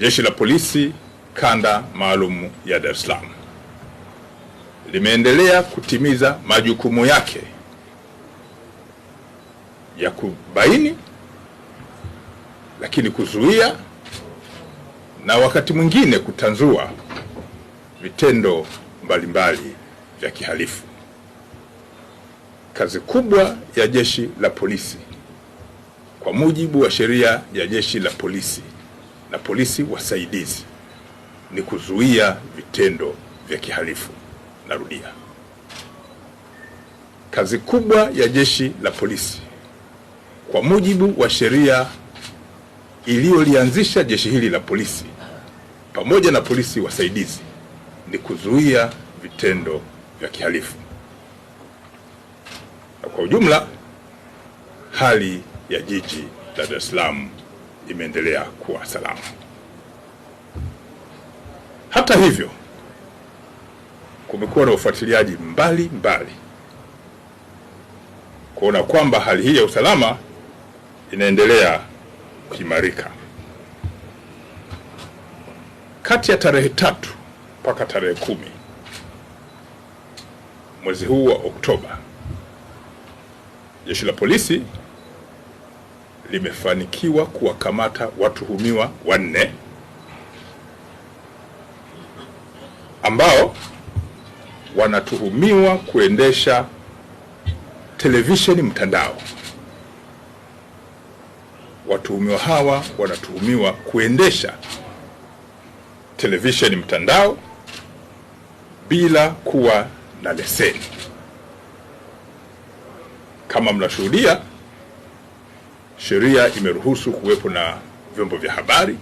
Jeshi la Polisi kanda maalum ya Dar es Salaam limeendelea kutimiza majukumu yake ya kubaini, lakini kuzuia na wakati mwingine kutanzua vitendo mbalimbali vya kihalifu. Kazi kubwa ya Jeshi la Polisi kwa mujibu wa sheria ya Jeshi la Polisi na polisi wasaidizi ni kuzuia vitendo vya kihalifu. Narudia, kazi kubwa ya jeshi la polisi kwa mujibu wa sheria iliyolianzisha jeshi hili la polisi pamoja na polisi wasaidizi ni kuzuia vitendo vya kihalifu. Na kwa ujumla hali ya jiji la Dar es Salaam imeendelea kuwa salama. Hata hivyo, kumekuwa na ufuatiliaji mbali mbali kuona kwamba hali hii ya usalama inaendelea kuimarika. Kati ya tarehe tatu mpaka tarehe kumi mwezi huu wa Oktoba, jeshi la polisi limefanikiwa kuwakamata watuhumiwa wanne ambao wanatuhumiwa kuendesha televisheni mtandao. Watuhumiwa hawa wanatuhumiwa kuendesha televisheni mtandao bila kuwa na leseni. Kama mnashuhudia Sheria imeruhusu kuwepo na vyombo vya habari,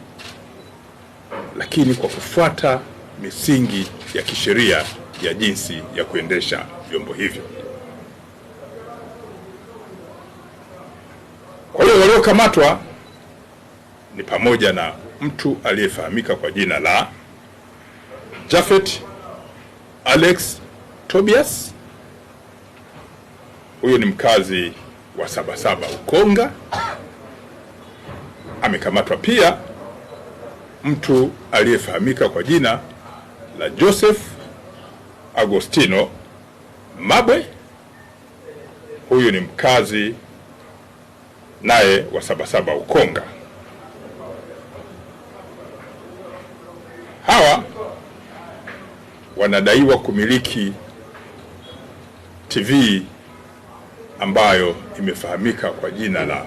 lakini kwa kufuata misingi ya kisheria ya jinsi ya kuendesha vyombo hivyo. Kwa hiyo waliokamatwa ni pamoja na mtu aliyefahamika kwa jina la jafet Alex Tobias, huyo ni mkazi wa Sabasaba Ukonga amekamatwa pia mtu aliyefahamika kwa jina la Joseph Agostino Mabwe. Huyu ni mkazi naye wa Sabasaba Ukonga. Hawa wanadaiwa kumiliki TV ambayo imefahamika kwa jina la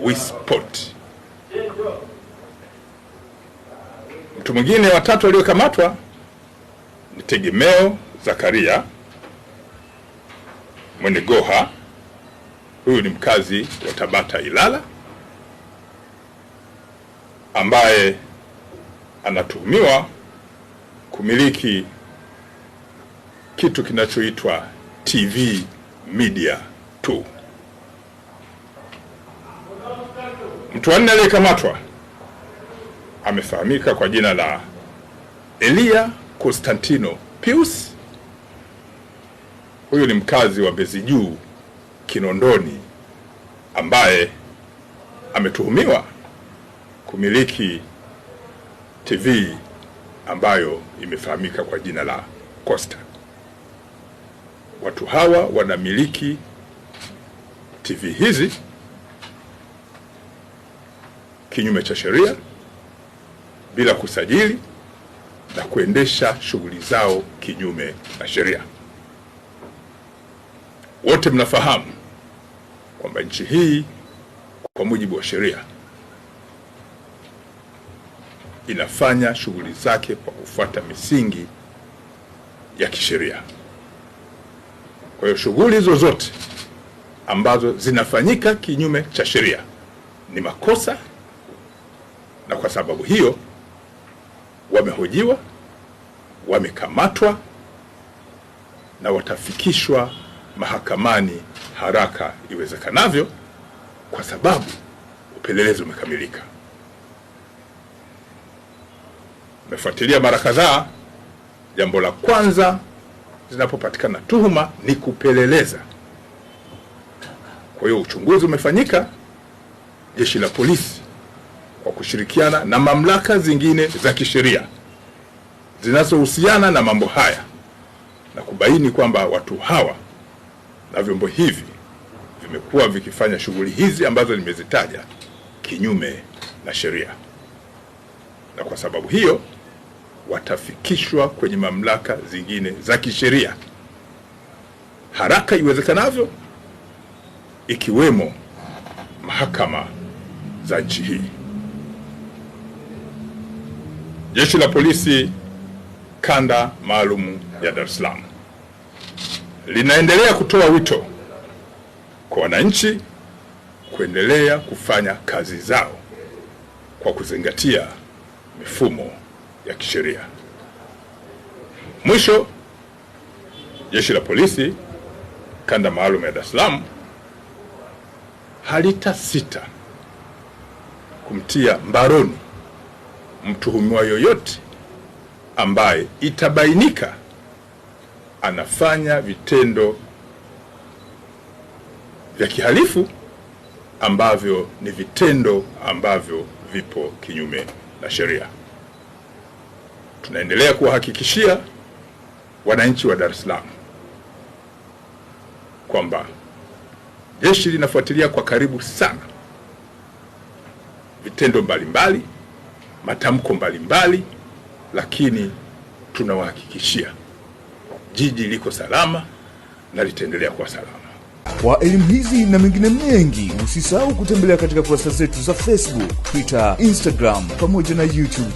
Wispot. Mtu mwingine watatu aliyokamatwa ni Tegemeo Zakaria Mwene Goha, huyu ni mkazi wa Tabata Ilala, ambaye anatuhumiwa kumiliki kitu kinachoitwa TV Media 2. Mtu wa nne aliyekamatwa amefahamika kwa jina la Elia Constantino Pius. Huyu ni mkazi wa Mbezi Juu Kinondoni, ambaye ametuhumiwa kumiliki TV ambayo imefahamika kwa jina la Costa. Watu hawa wanamiliki TV hizi kinyume cha sheria bila kusajili na kuendesha shughuli zao kinyume na sheria. Wote mnafahamu kwamba nchi hii kwa mujibu wa sheria inafanya shughuli zake kwa kufuata misingi ya kisheria. Kwa hiyo shughuli zozote ambazo zinafanyika kinyume cha sheria ni makosa na kwa sababu hiyo wamehojiwa, wamekamatwa na watafikishwa mahakamani haraka iwezekanavyo, kwa sababu upelelezi umekamilika. Mefuatilia mara kadhaa, jambo la kwanza zinapopatikana tuhuma ni kupeleleza. Kwa hiyo uchunguzi umefanyika, jeshi la polisi kwa kushirikiana na mamlaka zingine za kisheria zinazohusiana na mambo haya na kubaini kwamba watu hawa na vyombo hivi vimekuwa vikifanya shughuli hizi ambazo nimezitaja kinyume na sheria, na kwa sababu hiyo watafikishwa kwenye mamlaka zingine za kisheria haraka iwezekanavyo, ikiwemo mahakama za nchi hii. Jeshi la Polisi kanda maalum ya Dar es Salaam linaendelea kutoa wito kwa wananchi kuendelea kufanya kazi zao kwa kuzingatia mifumo ya kisheria. Mwisho, jeshi la polisi kanda maalum ya Dar es Salaam halitasita kumtia mbaroni mtuhumiwa yoyote ambaye itabainika anafanya vitendo vya kihalifu ambavyo ni vitendo ambavyo vipo kinyume na sheria. Tunaendelea kuwahakikishia wananchi wa Dar es Salaam kwamba jeshi linafuatilia kwa karibu sana vitendo mbalimbali mbali, matamko mbalimbali, lakini tunawahakikishia jiji liko salama na litaendelea kuwa salama. Kwa elimu hizi na mengine mengi, usisahau kutembelea katika kurasa zetu za Facebook, Twitter, Instagram pamoja na YouTube.